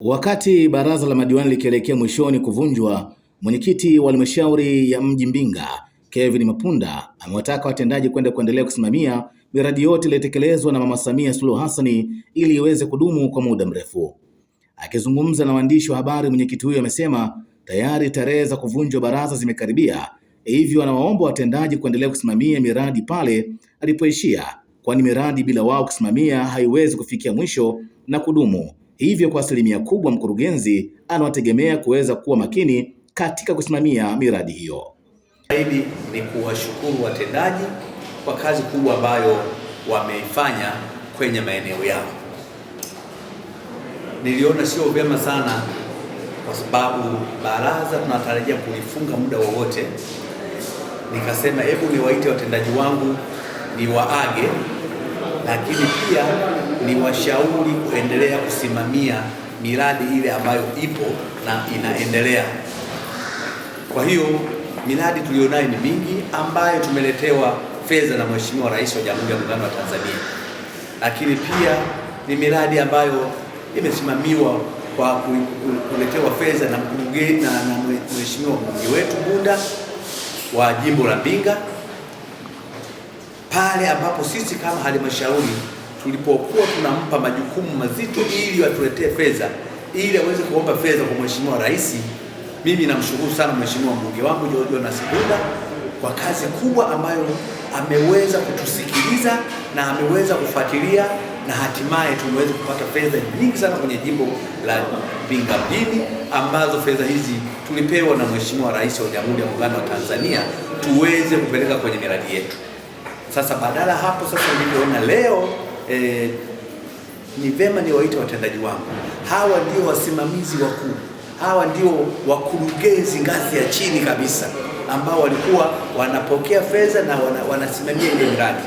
Wakati baraza la madiwani likielekea mwishoni kuvunjwa, mwenyekiti wa halmashauri ya mji Mbinga Kevin Mapunda amewataka watendaji kwenda kuendelea kusimamia miradi yote iliyotekelezwa na Mama Samia Suluhu Hassan ili iweze kudumu kwa muda mrefu. Akizungumza na waandishi wa habari, mwenyekiti huyo amesema tayari tarehe za kuvunjwa baraza zimekaribia, hivyo anawaomba watendaji kuendelea kusimamia miradi pale alipoishia, kwani miradi bila wao kusimamia haiwezi kufikia mwisho na kudumu Hivyo kwa asilimia kubwa mkurugenzi anawategemea kuweza kuwa makini katika kusimamia miradi hiyo. Zaidi ni kuwashukuru watendaji kwa kazi kubwa ambayo wameifanya kwenye maeneo yao. Niliona sio vyema sana, kwa sababu baraza tunatarajia kulifunga muda wowote, nikasema hebu niwaite watendaji wangu niwaage lakini pia ni washauri kuendelea kusimamia miradi ile ambayo ipo na inaendelea. Kwa hiyo miradi tuliyonayo ni mingi ambayo tumeletewa fedha na Mheshimiwa Rais wa Jamhuri ya Muungano wa Tanzania, lakini pia ni miradi ambayo imesimamiwa kwa kuletewa fedha na Mheshimiwa mbunge wetu Bunda wa jimbo la Mbinga pale ambapo sisi kama halmashauri tulipokuwa tunampa majukumu mazito ili watuletee fedha ili aweze kuomba fedha kwa mheshimiwa rais. Mimi namshukuru sana mheshimiwa mbunge wangu Jonas Bunda kwa kazi kubwa ambayo ameweza kutusikiliza na ameweza kufuatilia na hatimaye tumeweza kupata fedha nyingi sana kwenye jimbo la Mbinga ambazo fedha hizi tulipewa na mheshimiwa rais wa Jamhuri ya Muungano wa Tanzania tuweze kupeleka kwenye miradi yetu. Sasa badala hapo sasa nilivyoona leo eh, ni vema niwaite watendaji wangu, hawa ndio wasimamizi wakuu, hawa ndio wakurugenzi ngazi ya chini kabisa ambao walikuwa wanapokea fedha na wana, wanasimamia ile miradi.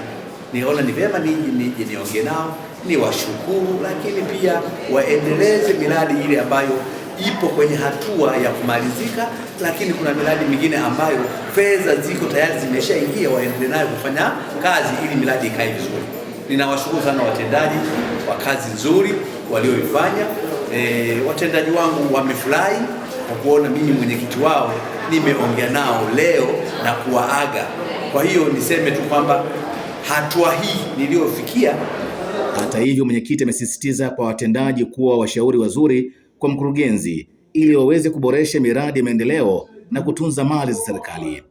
Niona ni vema niji niji niongee nao, ni washukuru, lakini pia waendeleze miradi ile ambayo ipo kwenye hatua ya kumalizika, lakini kuna miradi mingine ambayo fedha ziko tayari zimeshaingia, waendelee nayo kufanya kazi ili miradi ikae vizuri. Ninawashukuru sana watendaji wa kazi nzuri walioifanya. E, watendaji wangu wamefurahi kwa kuona mimi mwenyekiti wao nimeongea nao leo na kuwaaga. Kwa hiyo niseme tu kwamba hatua hii niliyofikia. Hata hivyo, mwenyekiti amesisitiza kwa watendaji kuwa washauri wazuri kwa mkurugenzi ili waweze kuboresha miradi ya maendeleo na kutunza mali za serikali.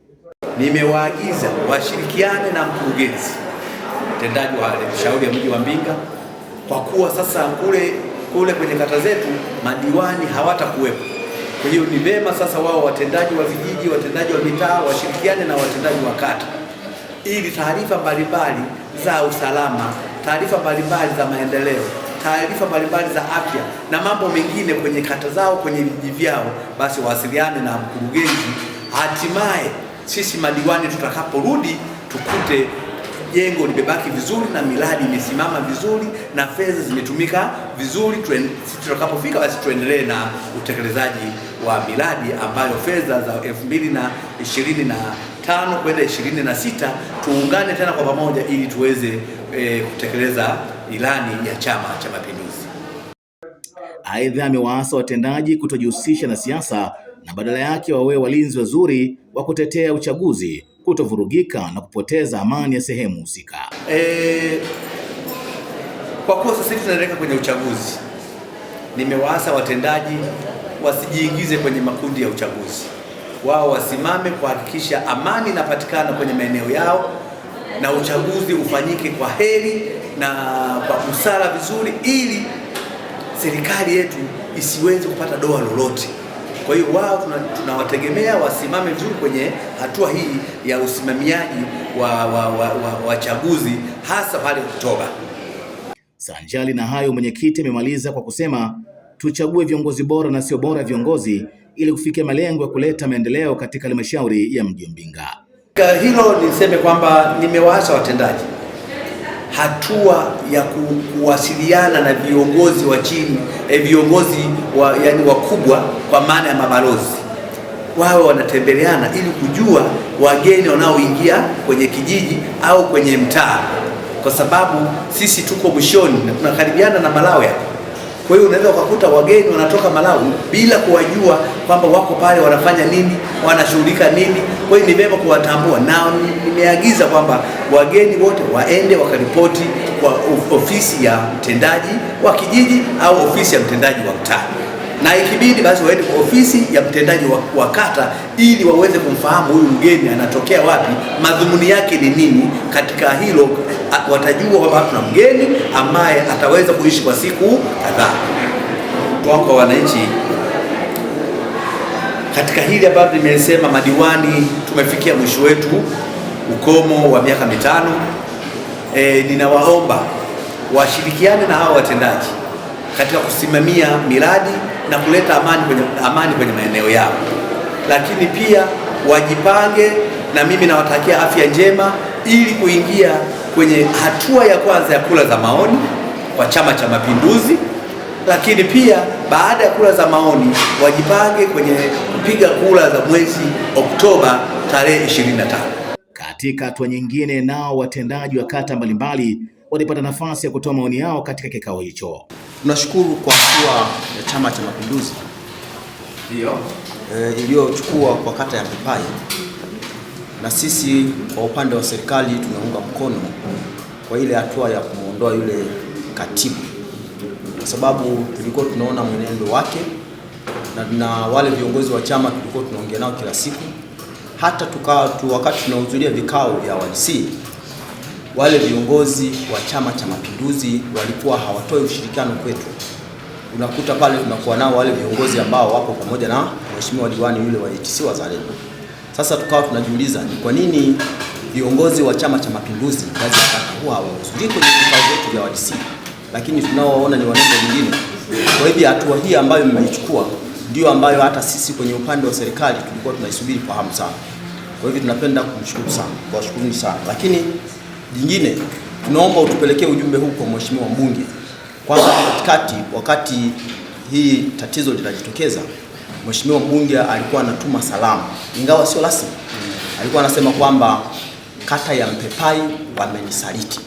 Nimewaagiza washirikiane na mkurugenzi mtendaji wa halmashauri ya mji wa Mbinga kwa kuwa sasa kule kule kwenye kata zetu madiwani hawatakuwepo. Kwa hiyo ni vema sasa wao watendaji wa vijiji, watendaji wa mitaa washirikiane na watendaji wa kata ili taarifa mbalimbali za usalama, taarifa mbalimbali za maendeleo taarifa mbalimbali za afya na mambo mengine kwenye kata zao, kwenye vijiji vyao, basi wawasiliane na mkurugenzi. Hatimaye sisi madiwani tutakaporudi tukute jengo limebaki vizuri na miradi imesimama vizuri na fedha zimetumika vizuri. Tutakapofika basi tuendelee na utekelezaji wa miradi ambayo fedha za 2025 kwenda 26 tuungane tena kwa pamoja ili tuweze e, kutekeleza ilani ya Chama cha Mapinduzi. Aidha, amewaasa watendaji kutojihusisha na siasa na badala yake wawe walinzi wazuri wa kutetea uchaguzi, kutovurugika na kupoteza amani ya sehemu husika. E, kwa kuwa sasa hivi tunaelekea kwenye uchaguzi, nimewaasa watendaji wasijiingize kwenye makundi ya uchaguzi, wao wasimame kuhakikisha amani inapatikana kwenye maeneo yao na uchaguzi ufanyike kwa heri na kwa busara vizuri, ili serikali yetu isiweze kupata doa lolote. Kwa hiyo wao tunawategemea wasimame vizuri kwenye hatua hii ya usimamiaji wa, wachaguzi wa, wa, wa hasa pale Oktoba. Sanjali na hayo, mwenyekiti amemaliza kwa kusema tuchague viongozi bora na sio bora viongozi ili kufikia malengo ya kuleta maendeleo katika halmashauri ya mji wa Mbinga. Hilo niseme kwamba nimewaacha watendaji hatua ya kuwasiliana na viongozi wa chini eh, viongozi wa, yani wakubwa kwa maana ya mabalozi wawe wanatembeleana ili kujua wageni wanaoingia kwenye kijiji au kwenye mtaa, kwa sababu sisi tuko mwishoni na tunakaribiana na Malawi. Kwa hiyo unaweza ukakuta wageni wanatoka Malawi bila kuwajua kwamba wako pale wanafanya nini, wanashughulika nini. Kwa hiyo ni vema kuwatambua, na nimeagiza kwamba wageni wote waende wakaripoti kwa ofisi ya mtendaji wa kijiji au ofisi ya mtendaji wa mtaa na ikibidi basi waende kwa ofisi ya mtendaji wa kata ili waweze kumfahamu huyu mgeni anatokea wapi, madhumuni yake ni nini. Katika hilo watajua kwamba tuna mgeni ambaye ataweza kuishi kwa siku kadhaa. Kwa wananchi katika hili ambalo nimesema, madiwani tumefikia mwisho wetu, ukomo wa miaka mitano. E, ninawaomba washirikiane na hawa watendaji katika kusimamia miradi na kuleta amani kwenye, amani kwenye maeneo yao, lakini pia wajipange, na mimi nawatakia afya njema ili kuingia kwenye hatua ya kwanza ya kura za maoni kwa Chama cha Mapinduzi, lakini pia baada ya kura za maoni wajipange kwenye kupiga kura za mwezi Oktoba tarehe 25. Katika hatua nyingine, nao watendaji wa kata mbalimbali walipata nafasi ya kutoa maoni yao katika kikao hicho. Tunashukuru kwa kuwa ya Chama cha Mapinduzi ndio e, iliyochukua kwa kata ya Mpapai, na sisi kwa upande wa serikali tunaunga mkono kwa ile hatua ya kumwondoa yule katibu, kwa sababu tulikuwa tunaona mwenendo wake na, na wale viongozi wa chama tulikuwa tunaongea nao kila siku, hata tuka, tu wakati tunahudhuria vikao vya WC wale viongozi wa Chama cha Mapinduzi walikuwa hawatoi ushirikiano kwetu. Unakuta pale tunakuwa nao wale viongozi ambao wako pamoja na mheshimiwa diwani yule wa ATC Wazalendo. Sasa tukawa tunajiuliza ni kwa nini viongozi wa Chama cha Mapinduzi ngazi ya kwenye vikao vyetu vya WDC, lakini tunaowaona ni wananchi wengine. Kwa hivyo hatua hii ambayo mmeichukua ndio ambayo hata sisi kwenye upande wa serikali tulikuwa tunaisubiri kwa hamu sana. Kwa hivyo tunapenda kumshukuru sana, kuwashukuru sana, lakini Jingine tunaomba utupelekee ujumbe huu kwa mheshimiwa mbunge, kwanza katikati, wakati hii tatizo linajitokeza, mheshimiwa mbunge alikuwa anatuma salamu, ingawa sio rasmi. Alikuwa anasema kwamba kata ya Mpepai wamenisaliti.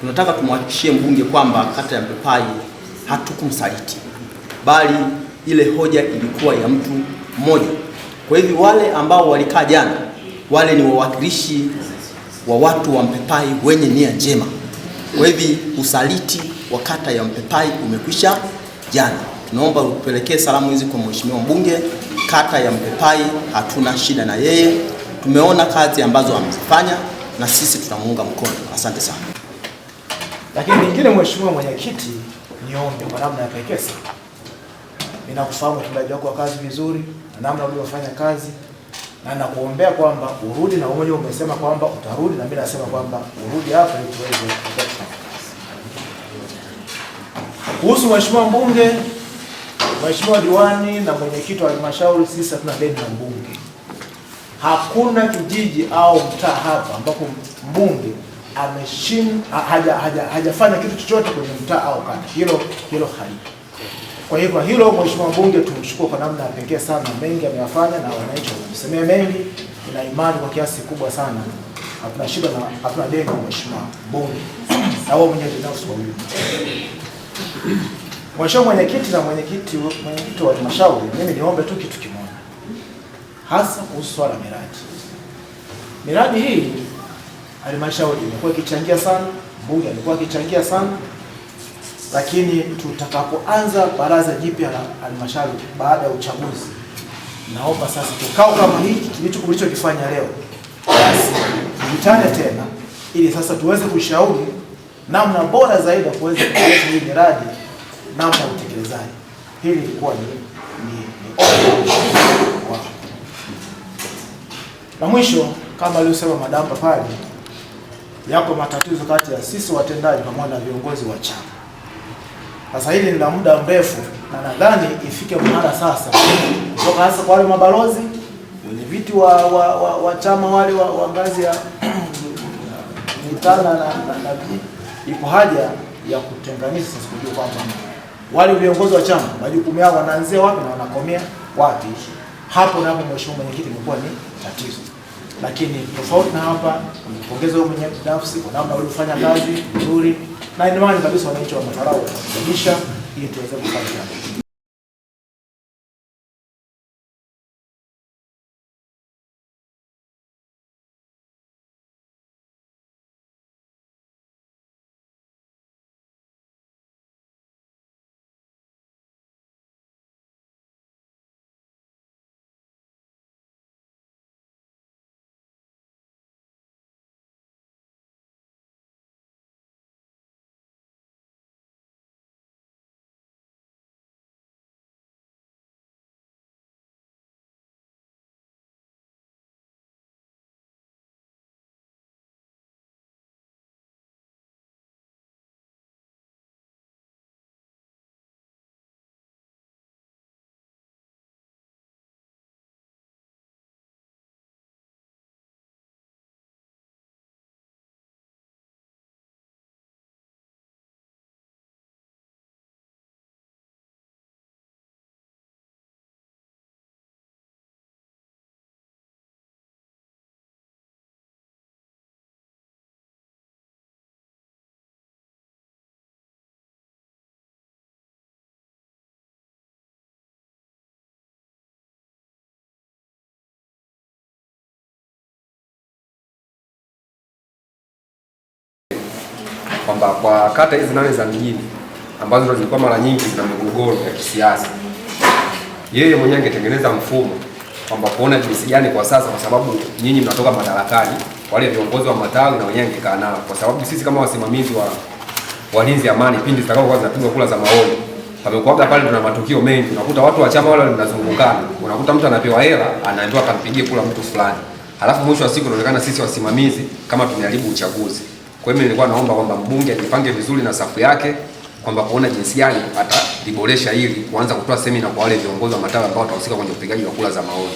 Tunataka tumwahakikishie mbunge kwamba kata ya Mpepai hatukumsaliti, bali ile hoja ilikuwa ya mtu mmoja. Kwa hivyo wale ambao walikaa jana, wale ni wawakilishi wa watu wa mpepai wenye nia njema. Kwa hivi usaliti wa kata ya mpepai umekwisha jana. Tunaomba upelekee salamu hizi kwa mheshimiwa mbunge. Kata ya mpepai hatuna shida na yeye, tumeona kazi ambazo amezifanya na sisi tunamuunga mkono. Asante sana. Lakini nyingine, mheshimiwa mwenyekiti, niombe kwa namna ya pekee sana, ninakufahamu mtendaji wako wa kazi vizuri na namna ulivyofanya kazi na nakuombea kwamba urudi, na umoja umesema kwamba utarudi, na mimi nasema kwamba urudi hapa ili tuweze kuhusu mheshimiwa mbunge, mheshimiwa diwani na mwenyekiti wa halmashauri, sisi hatuna deni na mbunge. Hakuna kijiji au mtaa hapa ambapo mbunge ameshin hajafanya haja, haja kitu chochote kwenye mtaa au kata. Hilo hilo halipo. Kwa hivyo hilo mheshimiwa mbunge tumshukuru kwa namna ya pekee sana, mengi ameyafanya na wananchi wamemsemea mengi, ina imani kwa kiasi kikubwa sana hatuna shida na hatuna deni na mheshimiwa mbunge na wao mwenyewe binafsi kwa huyu mheshimiwa mwenyekiti na mwenyekiti mwenyekiti wa halmashauri. Mimi niombe tu kitu kimoja, hasa kuhusu swala miradi. Miradi hii halmashauri imekuwa ikichangia sana, mbunge alikuwa akichangia sana lakini tutakapoanza baraza jipya la halmashauri baada ya uchaguzi, naomba sasa tukao kama hiki tulichokifanya leo, basi tukutane tena ili sasa tuweze kushauri namna bora zaidi ya kuweza kuleta hii miradi, namna ya utekelezaji. Hili ilikuwa ni ni na mwisho, kama alivyosema madamba pale, yako matatizo kati ya sisi watendaji pamoja na viongozi wa chama sasa hili ni la muda mrefu, na nadhani ifike mahala sasa kutoka hasa kwa wale mabalozi wenye viti wa, wa, wa, wa chama wale wa, wa ngazi ya mitana na, na, na ipo haja ya kutenganisha sasa, kujua kwamba wale viongozi wa chama majukumu yao wanaanzia wapi na wanakomea wapi. Hapo na hapo, mheshimiwa mwenyekiti, imekuwa ni tatizo, lakini tofauti na hapa, nimpongeze wewe binafsi kwa namna ulifanya kazi nzuri na imani kabisa wananchi wa Matarau watabadilisha ili tuweze kufanya kwamba kwa kata hizi nane za mjini ambazo ndo zilikuwa mara nyingi zina migogoro ya kisiasa, yeye mwenyewe angetengeneza mfumo kwamba kuona jinsi gani kwa sasa, kwa sababu nyinyi mnatoka madarakani, wale viongozi wa matawi na wenyewe angekaa nao, kwa sababu sisi kama wasimamizi wa walinzi amani, pindi zitakapokuwa zinapigwa kula za maoni, pamekuwaga pale tuna matukio mengi, unakuta watu wa chama wale wanazungukana, unakuta mtu anapewa hela anaambiwa akampigie kula mtu fulani, halafu mwisho wa siku unaonekana sisi wasimamizi kama tumeharibu uchaguzi. Kwa hiyo nilikuwa naomba kwamba mbunge ajipange vizuri na safu yake kwamba kuona jinsi gani ataliboresha hili, kuanza kutoa semina kwa wale viongozi wa matawi ambao watahusika kwenye upigaji wa kura za maoni.